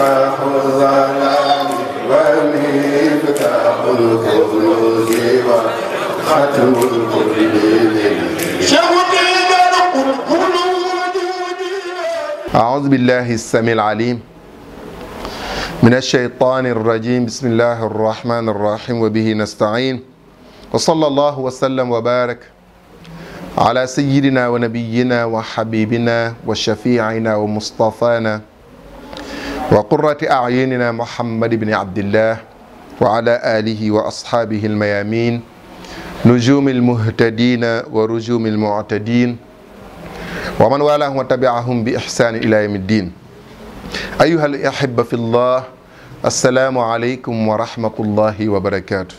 أعوذ بالله السميع العليم من الشيطان الرجيم بسم الله الرحمن الرحيم وبه نستعين وصلى الله وسلم وبارك على سيدنا ونبينا وحبيبنا وشفيعنا ومصطفانا وقرة أعيننا محمد بن عبد الله وعلى آله وأصحابه الميامين نجوم المهتدين ورجوم المعتدين ومن والاهم وتبعهم بإحسان إلى يوم الدين أيها الأحبة في الله السلام عليكم ورحمة الله وبركاته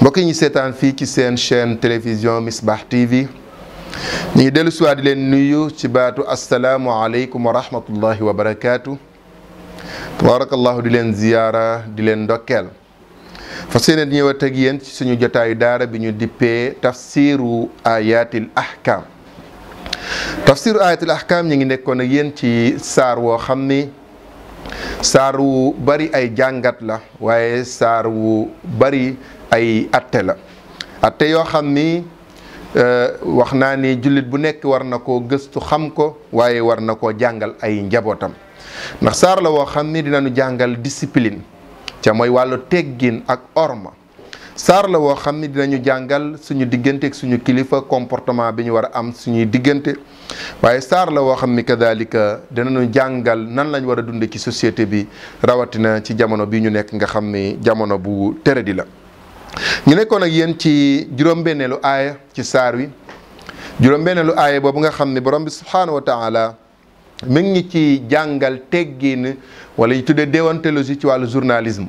بكي نسيت seetaan fii ci تلفزيون chaîne télévision TV ñu ngi dellu siwaat di leen nuyu ci baatu asalaamualeykum wa rahmatullahi wa barakaatu tabaarakallahu di leen ziyaara di leen ndokkeel fa seen di ñëwaat ci suñu jotaayu daara bi ñu dippee tafsiru ayatil ahkam tafsiru ayatil ahkam ñu ngi nekkoon ak yéen ci saar woo xam ni saar wu bari ay jàngat la waaye saar wu bari ay atte la atte yoo xam ni Euh, wax naa ni jullit bu nekk war na koo gëstu xam ko waaye war na koo jàngal ay njabootam ndax saar la woo xam ni dinañu jàngal discipline ca mooy wàllu teggin ak orma saar la woo xam ni dinañu jàngal suñu diggante ak suñu kilifa comportement bi ñu war a am suñuy diggante waaye saar la woo xam ni kadalika dinañu jàngal nan lañ war a dunde ci société bi rawatina ci jamono bi ñu nekk nga xam ni jamono bu tere di la ñu nekkoon ak yéen ci juróom-benneelu aaya ci saar wi juróom-benneelu aaya boobu nga xam ne borom bi subhanahu wa taala mi ngi ci jàngal teggiin wala ñu tuddee déontologie ci wàllu journalisme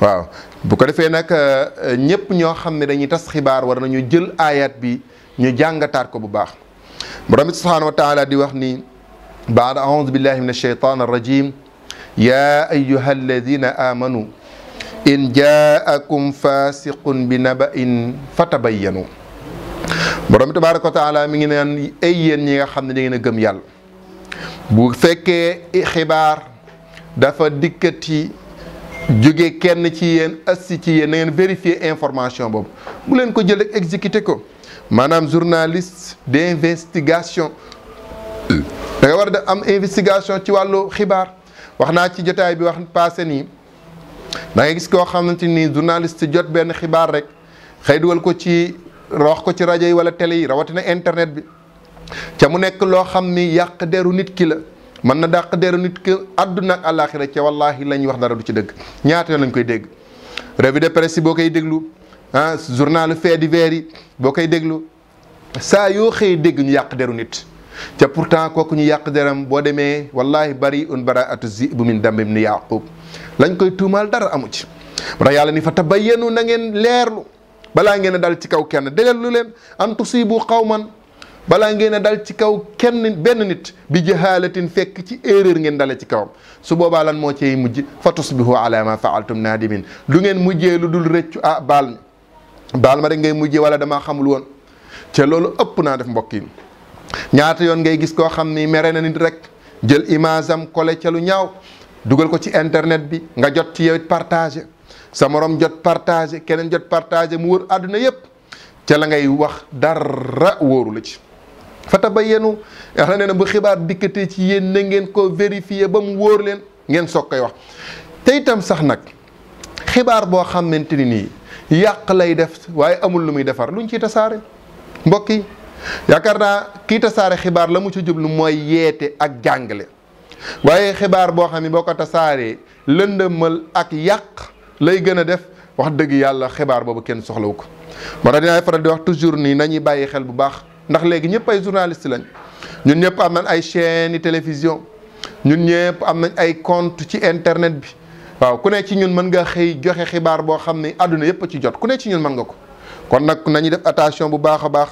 waaw bu ko defee nag ñëpp ñoo xam ne dañuy tas xibaar war nañu jël aayat bi ñu jàngataat ko bu baax borom bi subhanahu wa taala di wax ni baada audu billahi min alsheytan arrajim ya ayuha alladina amanu in jaakum fasiqun bi na ba naba'in fatabayyanu borom tabaaraka wa taala mi ngi naan ay yéen ñi nga xam ne da ngeen a gëm yàlla bu fekkee xibaar dafa dikkati jóge kenn ci yéen assi ci yéen na vérifier information boobu bu leen ko jël rek ko maanaam journaliste d'investigation da nga war a am investigation ci wàllu xibaar wax naa ci jotaay bi wax passé nii da ngay gis koo xamante ni journaliste jot benn xibaar rek xëy dugal ko ci wax ko ci rajo yi wala télé yi rawatina internet bi ca mu nekk loo xam ni yàq deru nit ki la mën na dàq deru nit ki àdduna ak àllaaxira ca wallaahi la ñuy wax dara du ci dëgg ñaata lañ koy dégg. bi de presse yi boo koy déglu ah journal fait divers yi boo koy déglu saa yoo xëy dégg ñu yàq deru nit. te pourtant kooku ñu yàq deram boo demee wallahi bari un baraatu zibu min dambim ni yaqub lañ koy tuumaal dara amu ci moo tax yàlla ni fa tabayyanu na ngeen leerlu balaa ngeen dal ci kaw kenn deleerlu leen an tusibu qawman balaa ngeen a dal ci kaw kenn benn nit bi jahaalatin fekk ci erreur ngeen dale ci kawam su boobaa lan moo cey mujj fa tusbihu ala naa di nadimin du ngeen mujjee lu dul rëccu ah baal baal ma rek ngay mujjee wala damaa xamul woon te loolu ëpp naa def mbokk yi ñaata yoon ngay gis koo xam ni mere na nit rek jël image am collé ca lu ñaaw dugal ko ci internet bi nga jot ci yow partage sa moroom jot partagé keneen jot partagé mu wër àdduna yépp ca la ngay wax dara wóoru la ci fata ba yenu yàlla nee na bu xibaar dikkatee ci yéen na ngeen ko vérifier ba mu wóor leen ngeen soog koy wax te itam sax nag xibaar boo xamante ni nii yàq lay def waaye amul lu muy defar luñ ciy tasaare mbokk yi yaakaar naa kii tasaare xibaar la mu ci jublu mooy yeete ak jàngale waaye xibaar boo xam ne boo ko tasaaree lëndëmal ak yàq lay gën a def wax dëgg yàlla xibaar boobu kenn soxlawu ko. moo tax dinaay faral di wax toujours nii nañuy bàyyi xel bu baax ndax léegi ñëpp ay journaliste lañ ñun ñëpp am nañ ay chaîne télévision ñun ñëpp am nañ ay compte ci internet bi waaw ku ne ci ñun mën nga xëy joxe xibaar boo xam ne àdduna yëpp a ci jot ku ne ci ñun mën nga ko kon nag nañu def attention bu baax a baax.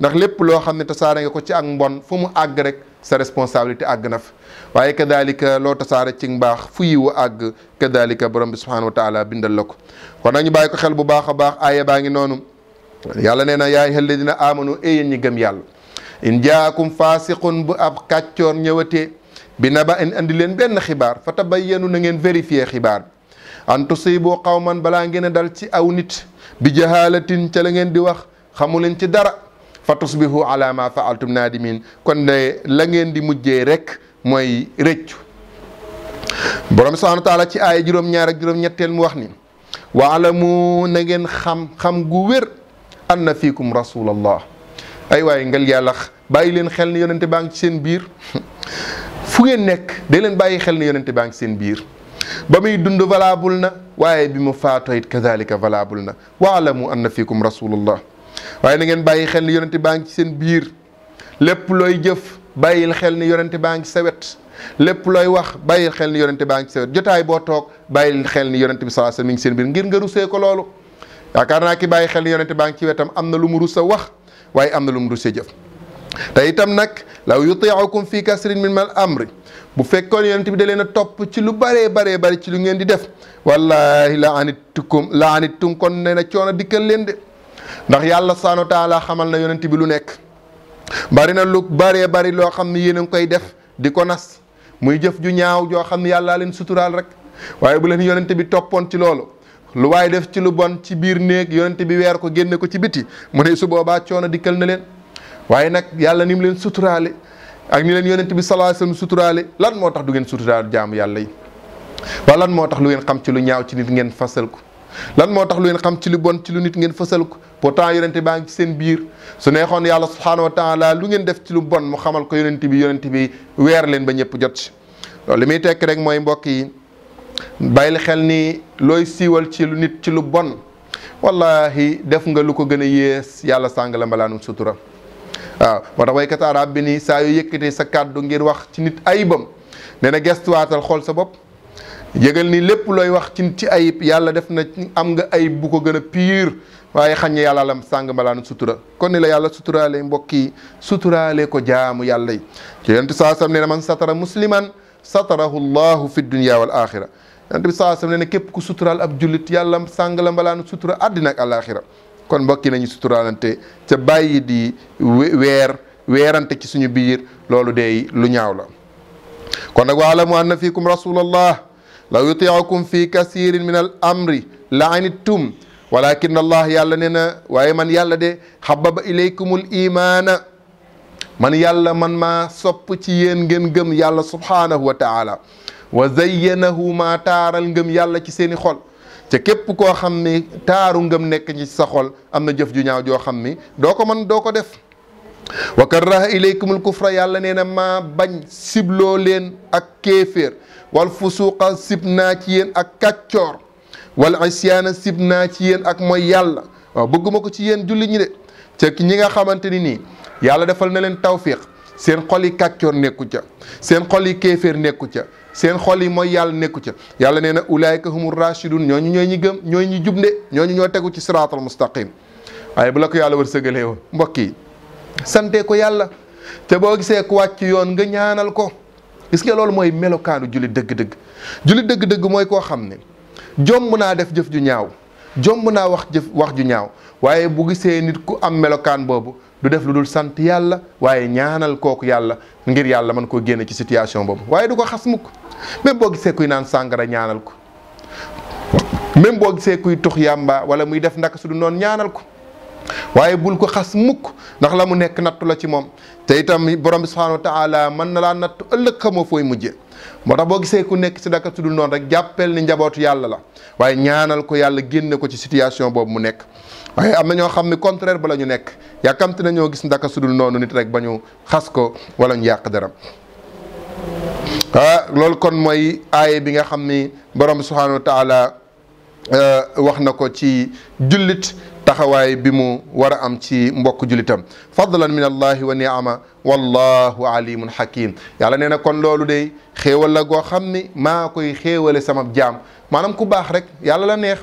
ndax lépp loo xam ne tasaara nga ko ci ak mbon fu mu àgg rek sa responsabilité àgg na fa waaye kadalika loo tasaare ci mbaax fu yiwu àgg kadalika borom bi subhanahu wa bindal la ko kon nag ñu bàyyi ko xel bu baax a baax aaya baa ngi noonu yàlla nee na yaa ayyuhal ladina amanu e gëm yàlla in jaakum faasiqun bu ab kàccoor ñëwatee bi na ba in indi leen benn xibaar fa tabayyanu na ngeen vérifier xibaar an tusibu qawman balaa ngeen a dal ci aw nit bi jahalatin ca ngeen di wax xamu leen ci dara fa tusbihu ala ma faaltum naadimin kon de la ngeen di mujjee rek mooy rëccu borom subhaana taala ci aaya juróom-ñaar ak juróom-ñetteel mu wax ni wa alamu na ngeen xam xam gu wér anna fiikum rasulallah ay waaye ngal yàlla bàyyi leen xel ni yonente ci seen biir fu ngeen nekk day leen bàyyi xel ni yonente ngi seen biir ba muy dund valable na waaye bi mu faatoo it kadalika valable na na wa alamu anna fiikum rasulullah waye na ngeen bàyyi xel ni yonenti baa ci seen biir lépp loy jëf bayyi xel ni yonenti baa ngi sa lépp loy wax bayyi xel ni yonenti baa ngi sa jotaay bo tok bayyi xel ni yonenti bi sallallahu alayhi wasallam mi ngi seen biir ngir nga rusee ko lolu yaakaar na ki bàyyi xel ni yonenti baa ci wetam amna lu mu rus wax waye amna lu mu rus jëf tay itam nak law yuti'ukum fi kasrin min mal amri bu fekkone yonenti bi dalena top ci lu bare bare bare ci lu ngeen di def wallahi la anittukum kon neena na coono len de ndax yàlla subhaanahu wa xamal na yonent bi lu nekk bari na lu bëree bari loo xam ni yéen a ngi koy def di ko nas muy jëf ju ñaaw joo xam ni yàllaa leen suturaal rek waaye bu leen yonent bi toppoon ci loolu lu waaye def ci lu bon ci biir néeg yonent bi weer ko génne ko ci biti mu ne su boobaa coono kël na leen waaye nag yàlla ni mu leen suturaale ak ni leen yonent bi sallallahu alayhi wasallam lan moo tax du ngeen suturaal jaamu yàlla yi waa lan moo tax lu ngeen xam ci lu ñaaw ci nit ngeen fasal ko lan moo tax lu ngeen xam ci lu bon ci lu nit ngeen fësal ko pourtant yonente baa ngi ci seen biir su neexoon yàlla subhaanahu wa taala lu ngeen def ci lu bon mu xamal ko yonente bi yonente bi weer leen ba ñëpp jot ci li muy tekk rek mooy mbokk yi bàyyil xel ni looy siiwal ci lu nit ci lu bon wallahi def nga lu ko gën a yées yàlla sàng la mbalaanum sutura waaw moo tax waykat arab bi ni saa yu yëkkatee sa kàddu ngir wax ci nit ayibam nee na gestuwaatal xool sa bopp yëgal ni lépp looy wax ci ayib yàlla def na am nga ayib bu ko gën a pire waaye xañ yàlla lam sàng mbalaanu sutura kon ni la yàlla suturaale mbokk yi suturaale ko jaamu yàlla yi ci yonent bi saa sam ne man satara musliman satarahu llahu fi dunya wal axira yonent bi sa sam ne képp ku suturaal ab jullit yàlla sàng la mbalaanu sutura àddina ak alaxira kon mbokk nañu suturaalante ca bàyyi di weer weerante ci suñu biir loolu day lu ñaaw la kon nag waalamu لو يطيعكم في كثير من الامر لعنتم ولكن الله يالا نينا واي من يالا دي حبب اليكم الايمان من يالا من ما صب تي ين يالا سبحانه وتعالى وزينه ما تار الغم يالا تي سيني خول تي كيب كو خامي تارو غم نيك تي سا خول امنا جيف جو نياو جو خامي دوكو من دوكو ديف wa karaha ilaykumul kufra yàlla nee na maa bañ sibloo leen ak kéeféer wal fusuqa sib naa ci yéen ak kàccoor wal isyaana sib naa ci yéen ak mooy yàlla waaw bëgguma ko ci yéen julli ñi de ca ñi nga xamante ni nii yàlla defal na leen tawfiq seen xol yi kàccoor nekku ca seen xol yi kéeféer nekku ca seen xol yi mooy yàlla nekku ca yàlla nee na ulaayka humur ñoo ñu ñooy ñi gëm ñooy ñi jub ñoo ñu ñoo tegu ci siraatal mustaqim waaye bu la ko yàlla wërsëgalee woon mbokk yi sante ko yàlla te boo gisee ku wàcc yoon nga ñaanal ko gis nga loolu mooy melokaanu jullit dëgg-dëgg jullit dëgg-dëgg mooy koo xam ne jomb naa def jëf ju ñaaw jomb naa wax jëf wax ju ñaaw waaye bu gisee nit ku am melokaan boobu du def lu dul sant yàlla waaye ñaanal kooku yàlla ngir yàlla mën koo génne ci situation boobu waaye du ko xas mukk même boo gisee kuy naan sàngara ñaanal ko même boo gisee kuy tux yàmba wala muy def ndak su du noonu ñaanal ko waaye bul ko xas mukk ndax la mu nekk nattu la ci moom te itam borom bi subhaanahu wa mën na laa nattu ëllëg xamoo fooy mujje moo tax boo gisee ku nekk si daka noonu rek jàppeel ni njabootu yàlla la waaye ñaanal ko yàlla génne ko ci situation boobu mu nekk waaye am na ñoo xam ne contraire ba la ñu nekk yàkkamti na gis ndaka sudul noonu nit rek ba ñu xas ko wala ñu yàq dara ah loolu kon mooy aaye bi nga xam ni borom subhaanahu wa taala euh, wax na ko ci jullit taxawaay bi mu war a am ci mbokk julitam fadlan min allahi wa niama wallahu alimun hakim yàlla nee na kon loolu de xéewal la goo xam ni maa koy xéewale sama jaam maanaam ku baax rek yàlla la neex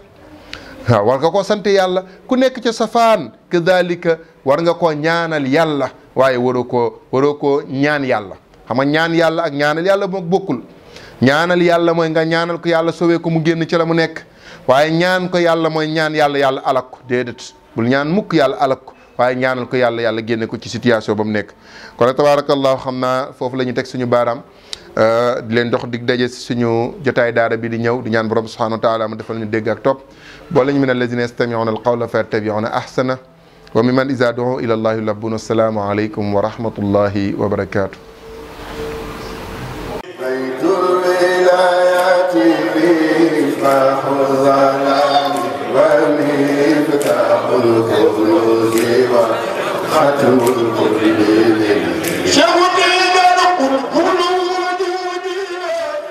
waaw war nga koo sant yàlla ku nekk ca safaan kadalika war nga koo ñaanal yàlla waaye waroo koo waroo koo ñaan yàlla xam nga ñaan yàlla ak ñaanal yàlla moom bokkul ñaanal yàlla mooy nga ñaanal ko yàlla sowee ko mu génn ci la mu nekk waaye ñaan ko yàlla mooy ñaan yàlla yàlla alak ko déedéet bul ñaan mukk yàlla alak ko waaye ñaanal ko yàlla yàlla génne ko ci situation ba mu nekk kon tabaarakallaahu xam naa foofu la ñu teg suñu baaraam euh, di leen dox dig daje suñu jotaay daara bi di ñëw di ñaan bu subhaanahu wa taala mu defal ñu dégg ak topp boo lañ min allazina yastami'una alqawla fayattabi'una ahsana wa mimman izaa du'u ila allahi yulabbuna assalaamu aleykum wa rahmatullahi wa barakaatu بيت الولايات فيه Sakramodupo